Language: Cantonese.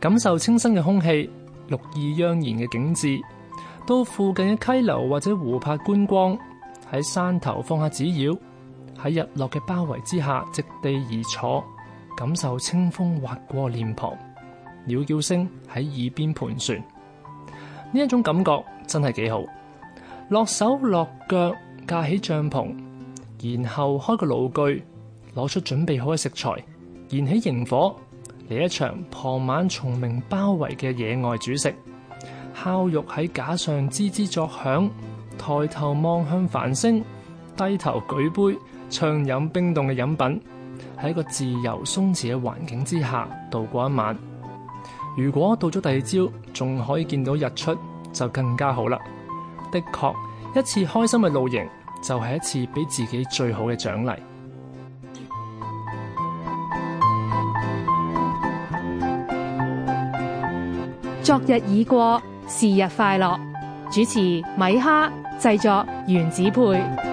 感受清新嘅空氣，綠意盎然嘅景致，到附近嘅溪流或者湖泊觀光，喺山頭放下紙鷂，喺日落嘅包圍之下，席地而坐，感受清風滑過臉龐，鳥叫聲喺耳邊盤旋，呢一種感覺真係幾好。落手落腳架起帳篷，然後開個爐具，攞出準備好嘅食材，燃起營火。第一場傍晚蟲鳴包圍嘅野外煮食，烤肉喺架上吱吱作響，抬頭望向繁星，低頭舉杯暢飲冰凍嘅飲品，喺一個自由鬆弛嘅環境之下度過一晚。如果到咗第二朝仲可以見到日出，就更加好啦。的確，一次開心嘅露營就係、是、一次俾自己最好嘅獎勵。昨日已過，是日快樂。主持米哈，製作原子配。